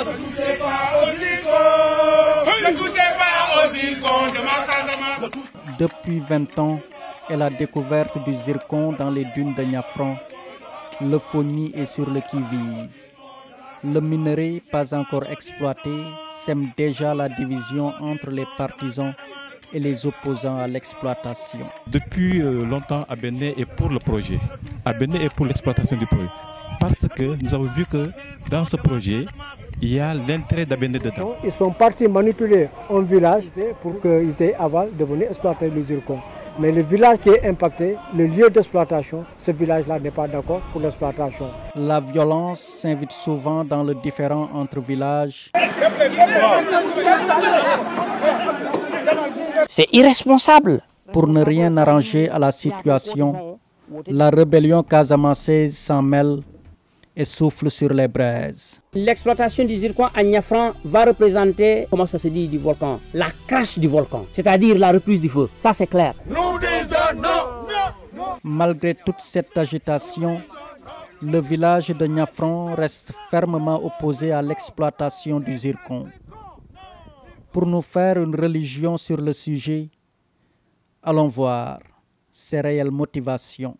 Ne touchez pas aux zircons. Ne touchez pas aux zircons Depuis ans et la découverte du zircon dans les dunes de Niafran, l'euphonie est sur le qui-vive. Le minerai, pas encore exploité, sème déjà la division entre les partisans et les opposants à l'exploitation. Depuis euh, longtemps, Abéné est pour le projet. Abéné est pour l'exploitation du projet. Parce que nous avons vu que dans ce projet, il y a l'intérêt d'Abende dedans. Ils sont partis manipuler un village pour qu'ils aient avant de venir exploiter les zircons. Mais le village qui est impacté, le lieu d'exploitation, ce village-là n'est pas d'accord pour l'exploitation. La violence s'invite souvent dans le différent entre villages. C'est irresponsable pour ne rien arranger à la situation. La rébellion casamanceaise s'en mêle et souffle sur les braises. L'exploitation du zircon à Niafran va représenter, comment ça se dit du volcan, la crache du volcan, c'est-à-dire la reprise du feu. c'est clair. Nous Malgré toute cette agitation, le village de Niafran reste fermement opposé à l'exploitation du zircon. Pour nous faire une religion sur le sujet, allons voir ses réelles motivations.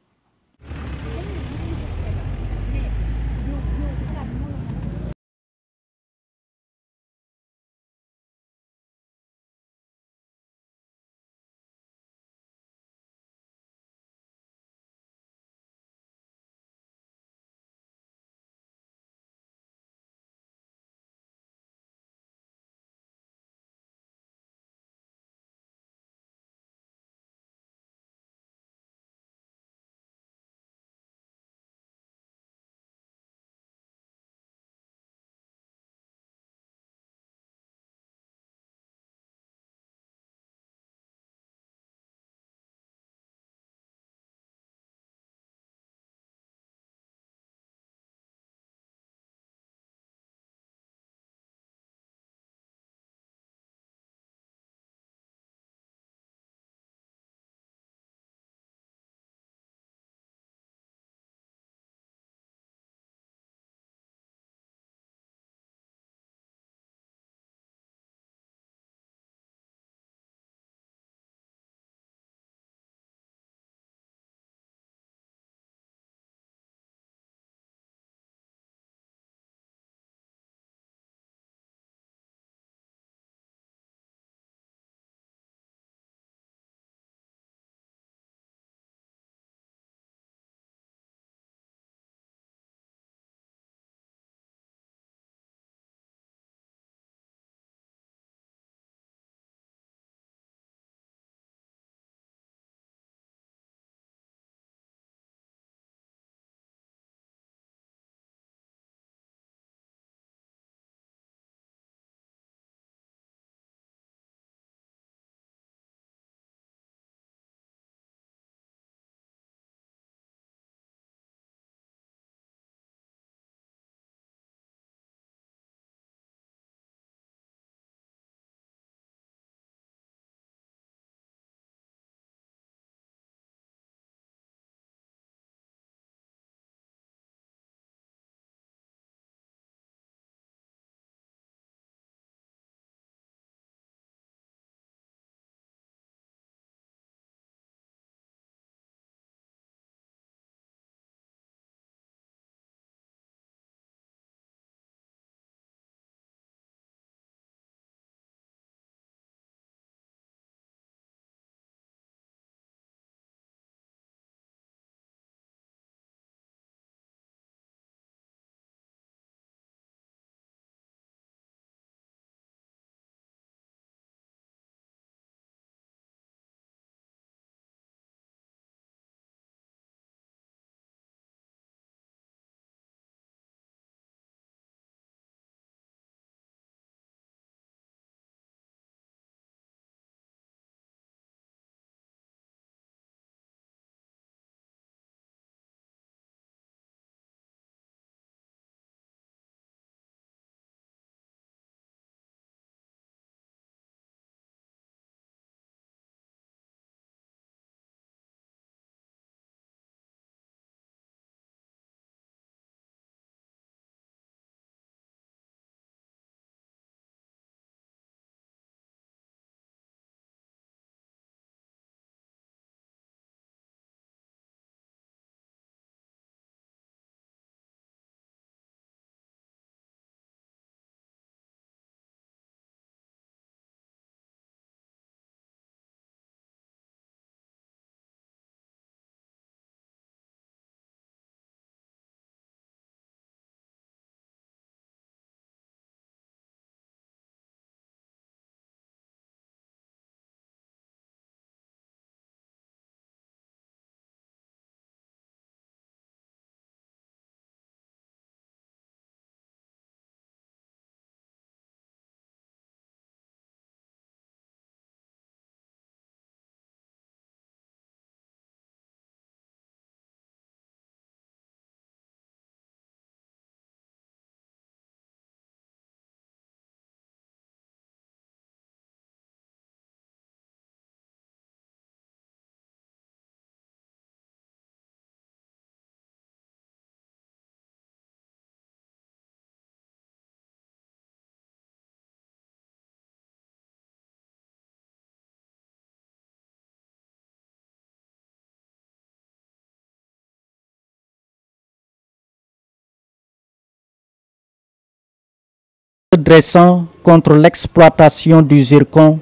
dressant contre l'exploitation du zircon,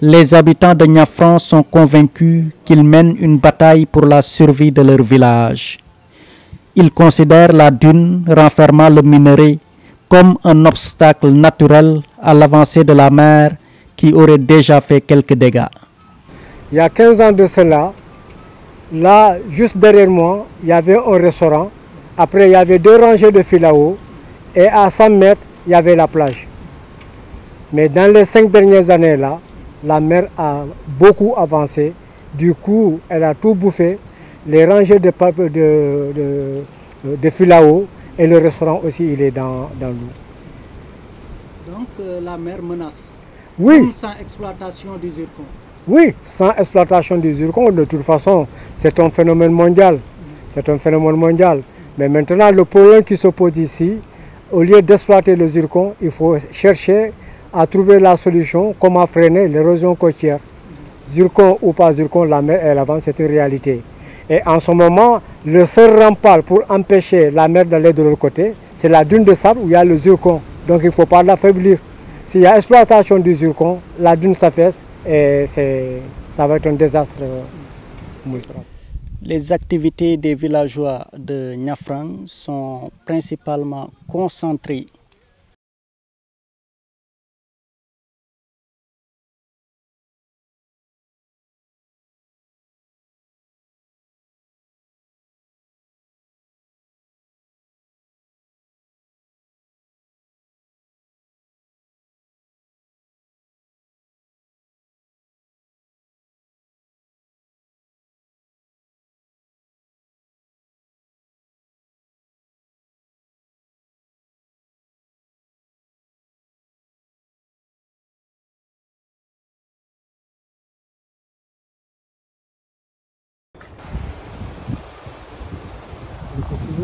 les habitants de Niafran sont convaincus qu'ils mènent une bataille pour la survie de leur village. Ils considèrent la dune renfermant le minerai comme un obstacle naturel à l'avancée de la mer qui aurait déjà fait quelques dégâts. Il y a ans de cela, là, juste derrière il y avait un restaurant. Après, il y avait deux rangées de filao et à mètres, il y avait la plage. Mais dans les cinq dernières années là, la mer a beaucoup avancé. Du coup, elle a tout bouffé. Les rangées de, de, de, de filao et le restaurant aussi, il est dans, l'eau. Euh, la mer menace. Oui. Même sans exploitation du zircon. Oui, sans exploitation du zircon, de toute façon, c'est un phénomène mondial. Mm. C'est un phénomène mondial. Mais maintenant, le problème qui se pose ici, au lieu d'exploiter le zircon, il faut chercher à trouver la solution, comment freiner l'érosion côtière. Zircon ou pas zircon, la mer, elle avance, c'est une réalité. Et en ce moment, le seul rempart pour empêcher la mer d'aller de l'autre côté, c'est la dune de sable où il y a le zircon. Donc il ne faut pas l'affaiblir. S'il y a exploitation du zircon, la dune s'affaisse et ça va être un désastre euh, monstrueux. Les activités des villageois de Niafrang sont principalement concentrées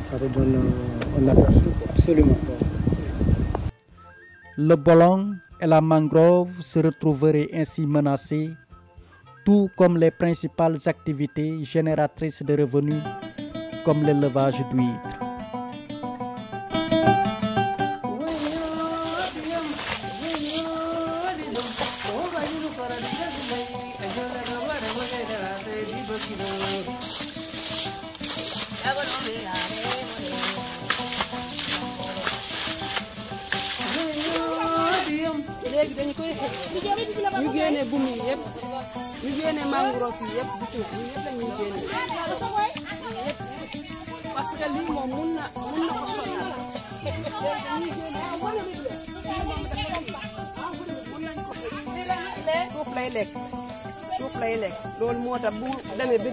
ça redonne un aperçu absolument. Le bolong et la mangrove se retrouveraient ainsi menacés, tout comme les principales activités génératrices de revenus, comme l'élevage d'huîtres. fekkee ne mangrove yi yëpp du tuuti mun na mun na ko sonal suuf lay lekk suuf lay lekk loolu moo tax bu demee bi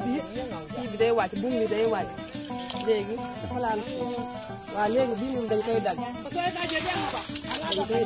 day wàcc buum bi day wàcc léegi dafa laal suuf waaw léegi bii moom dañ koy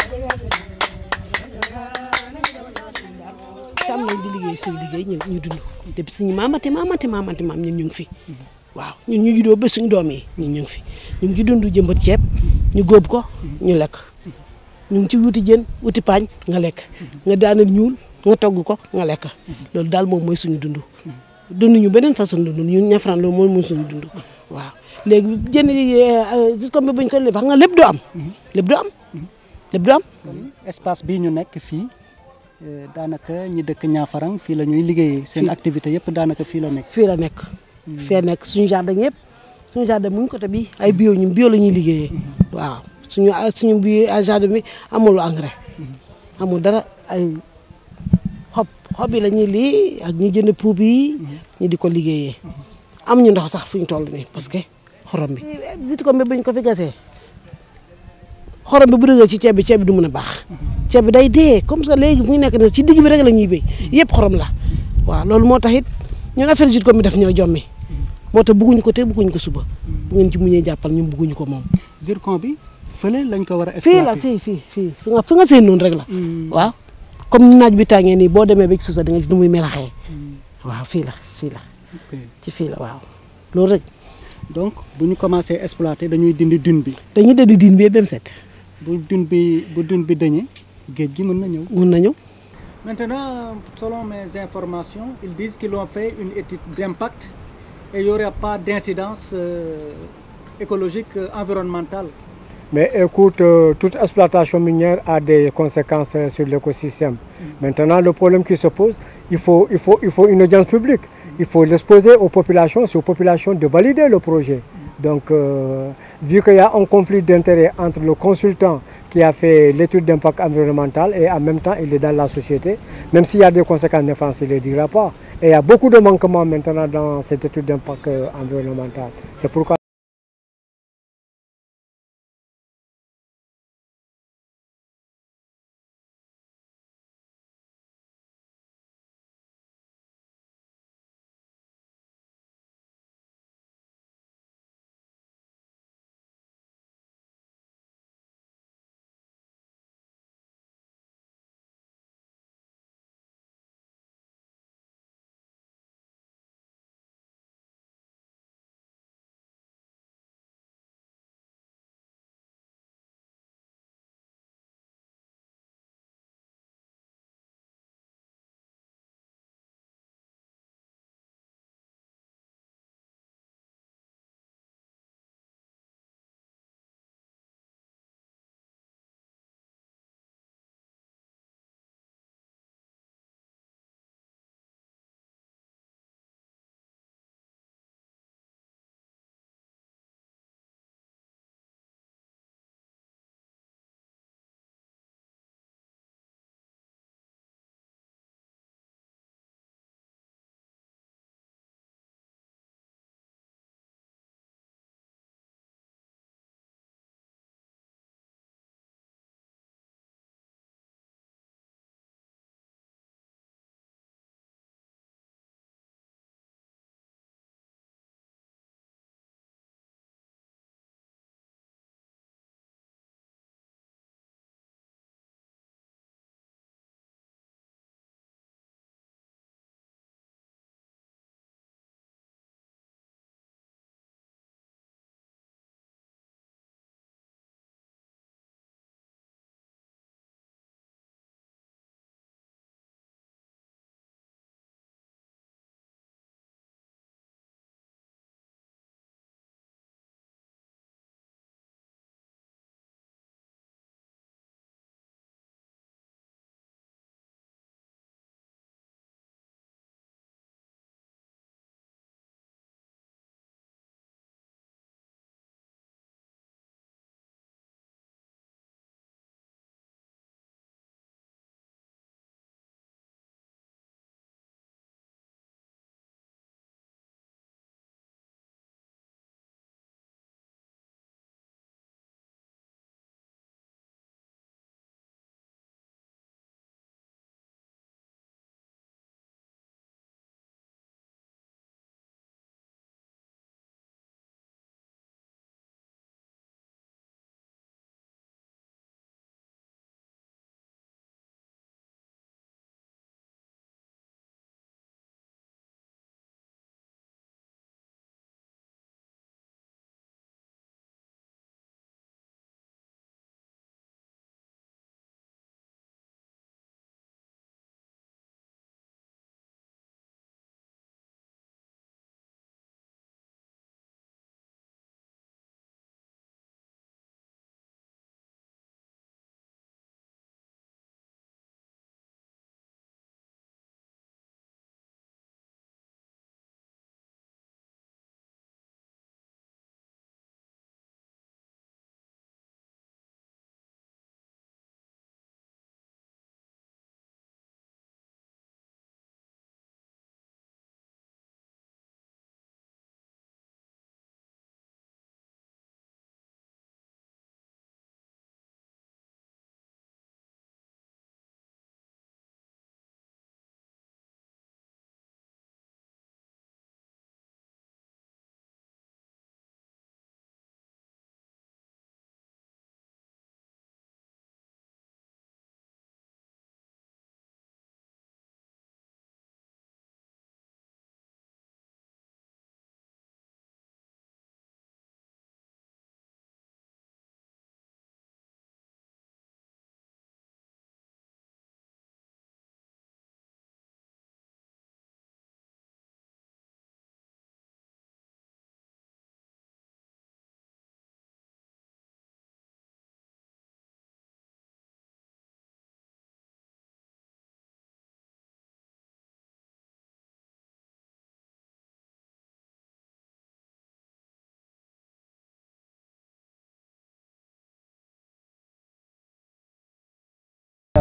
sonn nañ di liggéey suñu liggéey ñu ñu dund te suñu maamati maamati maamati maam ñun ñu ngi fi waaw ñun ñu juddoo ba suñu doom yi ñun ñu ngi fi ñu ngi dundu dund jëmbat ceeb ñu góob ko ñu lekk ñu ngi ci wuti jën wuti paañ nga lekk nga daanal ñuul nga togg ko nga lekk loolu daal moom mooy suñu dund dund ñu beneen façon dund ñu ñafran loolu mooy mooy suñu dund waaw léegi jën yi euh, comme buñ ko lépp xam nga lépp du am lépp du am espace bii ñu nekk fii Euh, daanaka ñi dëkk Ñaafarang fii la ñuy liggéeye seen activité yëpp daanaka fii la nekk. fii la nekk. Hmm. fee nekk suñu jardin yëpp suñu jardin mu ngi côté bi ay bio ñu bio la ñuy liggéeyee. Hmm. waaw suñu suñu bio jardin bi amul engrais. Hmm. amul dara ay xob xob yi la ñuy lii ak ñu jënd puub yi. ñu di ko liggéeye am ñu ndox sax fu ñu toll nii parce que xorom bi. ziit ko mbéb bi ko fi gasee. xorom bi bu dëgg ci ceeb bi ceeb bi du mën a baax ceeb bi day dee comme ça léegi fu ñu nekk ne ci digg bi rek la ñuy béy yëpp xorom la waaw loolu moo tax it ñun affaire jit ko mi daf ñoo jommi moo tax bugguñu ko te bugguñu ko suba bu ngeen ci muñee jàppal ñun bugguñu ko moom zircon bi fële lañ ko war a fii la fii fii fii fi nga fi nga seen noonu rek la mm. waaw comme naaj bi tàngee nii boo demee bi ci suuf sax da nga gis ni muy melaxee mm. waaw fii la fii la ci fii la waaw loolu rek donc bu ñu commencé exploiter dañuy dindi dune bi dañuy dindi dune bi ba set bu dun bi bu dun bi dañee géej gi mën na ñëw. mën na ñëw. Maintenant, selon mes informations, ils disent qu'ils ont fait une étude d'impact et il n'y aura pas d'incidence euh, écologique, euh, environnementale. Mais écoute, euh, toute exploitation minière a des conséquences euh, sur l'écosystème. Mmh. Maintenant, le problème qui se pose, il faut, il faut, il faut une audience publique. Il faut l'exposer aux populations, c'est aux populations de valider le projet. Mm. Donc, euh, vu qu'il y a un conflit d'intérêt entre le consultant qui a fait l'étude d'impact environnemental et en même temps il est dans la société, même s'il y a des conséquences défensives, il ne les dira pas. Et il y a beaucoup de manquements maintenant dans cette étude d'impact euh, environnemental. C'est pourquoi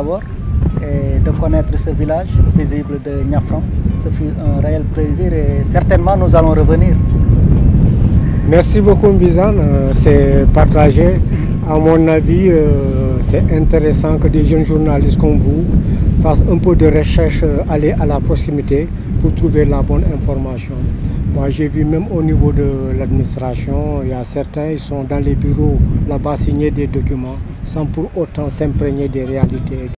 d'abord et de connaître ce village paisible de Niafran. Ce fut un réel plaisir et certainement nous allons revenir. Merci beaucoup Mbizane, euh, c'est partagé. À mon avis, euh, c'est intéressant que des jeunes journalistes comme vous fassent un peu de recherche, euh, aller à la proximité pour trouver la bonne information. Moi, j'ai vu même au niveau de l'administration, il y a certains, ils sont dans les bureaux, là-bas, signer des documents, sans pour autant s'imprégner des réalités.